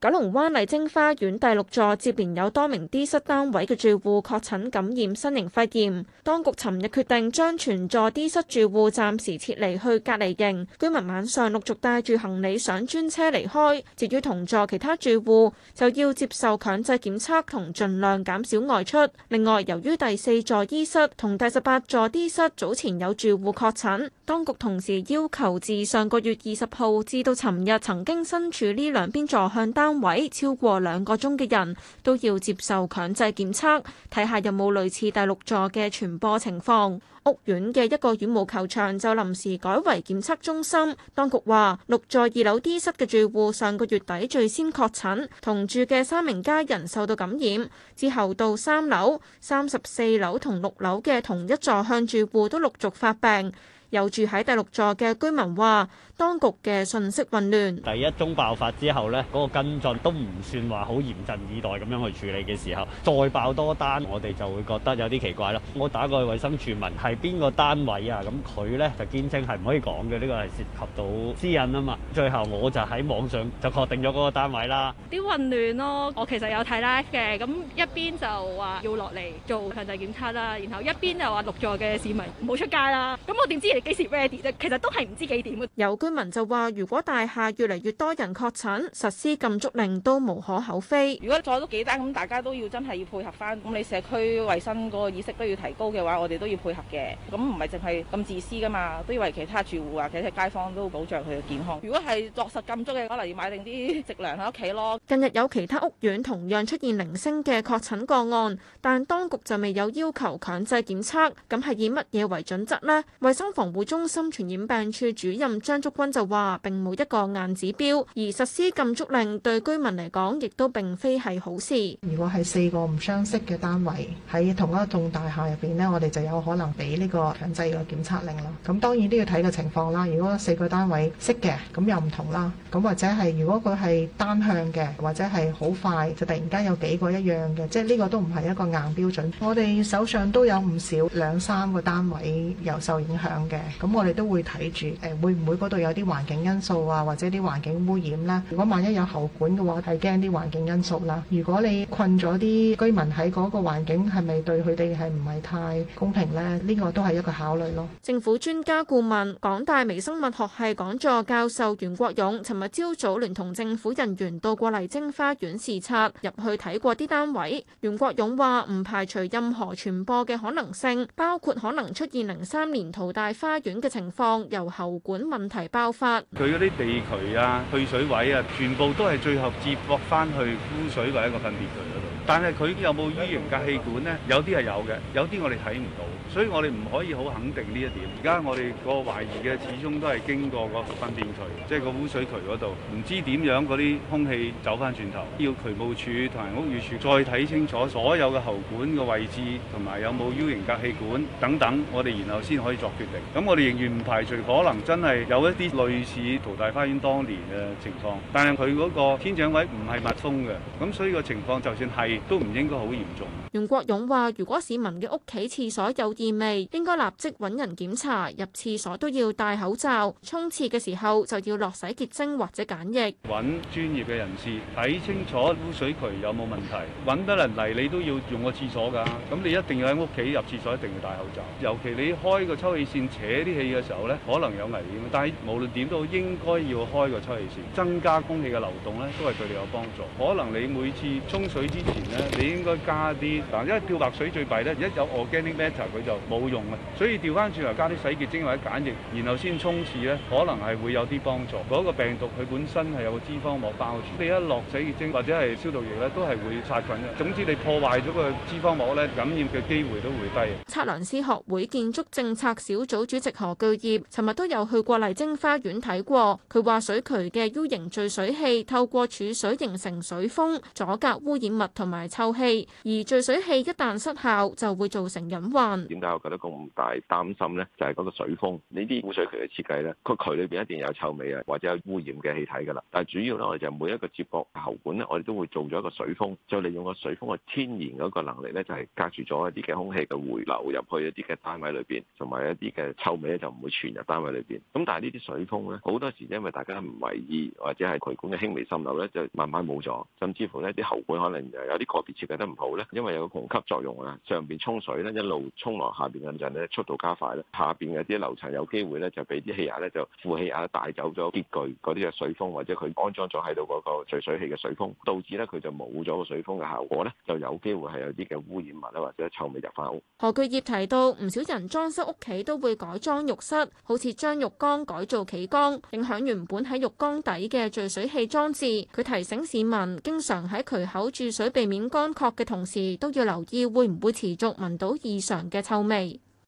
九龍灣麗晶花園第六座接連有多名 D 室單位嘅住戶確診感染新型肺炎，當局尋日決定將全座 D 室住戶暫時撤離去隔離營，居民晚上陸續帶住行李上專車離開，至於同座其他住戶就要接受強制檢測同盡量減少外出。另外，由於第四座 E 室同第十八座 D 室早前有住戶確診，當局同時要求自上個月二十號至到尋日曾經身處呢兩邊座向單單位超過兩個鐘嘅人都要接受強制檢測，睇下有冇類似第六座嘅傳播情況。屋苑嘅一個羽毛球場就臨時改為檢測中心。當局話，六座二樓 D 室嘅住戶上個月底最先確診，同住嘅三名家人受到感染，之後到三樓、三十四樓同六樓嘅同一座向住戶都陸續發病。有住喺第六座嘅居民話，當局嘅信息混亂。第一宗爆發之後咧，嗰個跟進都唔算話好嚴陣以待咁樣去處理嘅時候，再爆多單，我哋就會覺得有啲奇怪咯。我打過去衛生署問係邊個單位啊？咁佢咧就堅稱係唔可以講嘅，呢個係涉及到私隱啊嘛。最後我就喺網上就確定咗嗰個單位啦。啲混亂咯，我其實有睇啦嘅，咁一邊就話要落嚟做強制檢測啦，然後一邊就話六座嘅市民唔好出街啦。咁我點知？幾時 ready 咧？其實都係唔知幾點嘅。有居民就話：如果大廈越嚟越多人確診，實施禁足令都無可厚非。如果再多幾單，咁大家都要真係要配合翻。咁你社區衞生嗰個意識都要提高嘅話，我哋都要配合嘅。咁唔係淨係咁自私噶嘛，都要為其他住戶啊、其他街坊都保障佢嘅健康。如果係落實禁足嘅，可能要買定啲食糧喺屋企咯。近日有其他屋苑同樣出現零星嘅確診個案，但當局就未有要求強制檢測，咁係以乜嘢為準則呢？衞生防護中心傳染病處主任張竹君就話，並冇一個硬指標，而實施禁足令對居民嚟講，亦都並非係好事。如果係四個唔相識嘅單位喺同一棟大廈入邊呢，我哋就有可能俾呢個強制嘅檢測令啦。咁當然都要睇個情況啦。如果四個單位識嘅，咁又唔同啦。咁或者係如果佢係單向嘅，或者係好快就突然間有幾個一樣嘅，即係呢個都唔係一個硬標準。我哋手上都有唔少兩三個單位有受影響嘅。咁我哋都會睇住，會唔會嗰度有啲環境因素啊，或者啲環境污染啦？如果萬一有喉管嘅話，係驚啲環境因素啦。如果你困咗啲居民喺嗰個環境，係咪對佢哋係唔係太公平呢？呢個都係一個考慮咯。政府專家顧問、港大微生物學系講座教授袁國勇，尋日朝早聯同政府人員到過麗晶花園視察，入去睇過啲單位。袁國勇話：唔排除任何傳播嘅可能性，包括可能出現零三年淘大花花園嘅情況，由喉管問題爆發，佢啲地渠啊、去水位啊，全部都係最後接駁翻去污水位一個分別渠。但係佢有冇 U 型隔氣管呢？有啲係有嘅，有啲我哋睇唔到，所以我哋唔可以好肯定呢一點。而家我哋個懷疑嘅始終都係經過個分辨渠，即係個污水渠嗰度，唔知點樣嗰啲空氣走翻轉頭，要渠務處同埋屋宇署再睇清楚所有嘅喉管嘅位置同埋有冇 U 型隔氣管等等，我哋然後先可以作決定。咁我哋仍然唔排除可能真係有一啲類似淘大花園當年嘅情況，但係佢嗰個天井位唔係密封嘅，咁所以個情況就算係。都唔應該好嚴重。袁國勇話，如果市民嘅屋企廁所有異味，應該立即揾人檢查。入廁所都要戴口罩，沖廁嘅時候就要落洗潔精或者簡易。揾專業嘅人士睇清楚污水渠有冇問題。揾得人嚟你都要用個廁所㗎。咁你一定要喺屋企入廁所一定要戴口罩。尤其你開個抽氣扇扯啲氣嘅時候呢，可能有危險。但係無論點都應該要開個抽氣扇，增加空氣嘅流動呢都係對你有幫助。可能你每次沖水之前。你應該加啲嗱，因為漂白水最弊咧，一有 organic matter 佢就冇用啊。所以調翻轉嚟加啲洗潔精或者鹼液，然後先沖廁咧，可能係會有啲幫助。嗰、那個病毒佢本身係有個脂肪膜包住，你一落洗潔精或者係消毒液咧，都係會殺菌啫。總之你破壞咗個脂肪膜咧，感染嘅機會都會低。測量師學會建築政策小組主席何巨業，尋日都有去過麗晶花園睇過。佢話水渠嘅 U 型聚水器，透過儲水形成水封，阻隔污染物同埋。埋臭氣，而聚水器一旦失效，就會造成隱患。點解我覺得咁大擔心呢？就係、是、嗰個水封，呢啲污水渠嘅設計，呢個渠裏邊一定有臭味啊，或者有污染嘅氣體噶啦。但係主要咧，我哋就每一個接駁喉管呢，我哋都會做咗一個水封，就利用個水封嘅天然嗰個能力呢，就係隔住咗一啲嘅空氣嘅回流入去一啲嘅單位裏邊，同埋一啲嘅臭味咧就唔會傳入單位裏邊。咁但係呢啲水封呢，好多時因為大家唔為意，或者係渠管嘅輕微滲漏呢，就慢慢冇咗，甚至乎呢啲喉管可能又有。啲個別設計得唔好咧，因為有個虹吸作用啊，上邊沖水咧一路沖落下邊嘅陣咧，速度加快咧，下邊嘅啲樓層有機會咧就俾啲氣壓咧就負氣壓帶走咗潔具嗰啲嘅水封，或者佢安裝咗喺度嗰個聚水器嘅水封，導致咧佢就冇咗個水封嘅效果咧，就有機會係有啲嘅污染物啊或者臭味入翻屋。何巨業提到唔少人裝修屋企都會改裝浴室，好似將浴缸改做企缸，影響原本喺浴缸底嘅聚水器裝置。佢提醒市民經常喺渠口注水被，面乾涸嘅同時，都要留意會唔會持續聞到異常嘅臭味。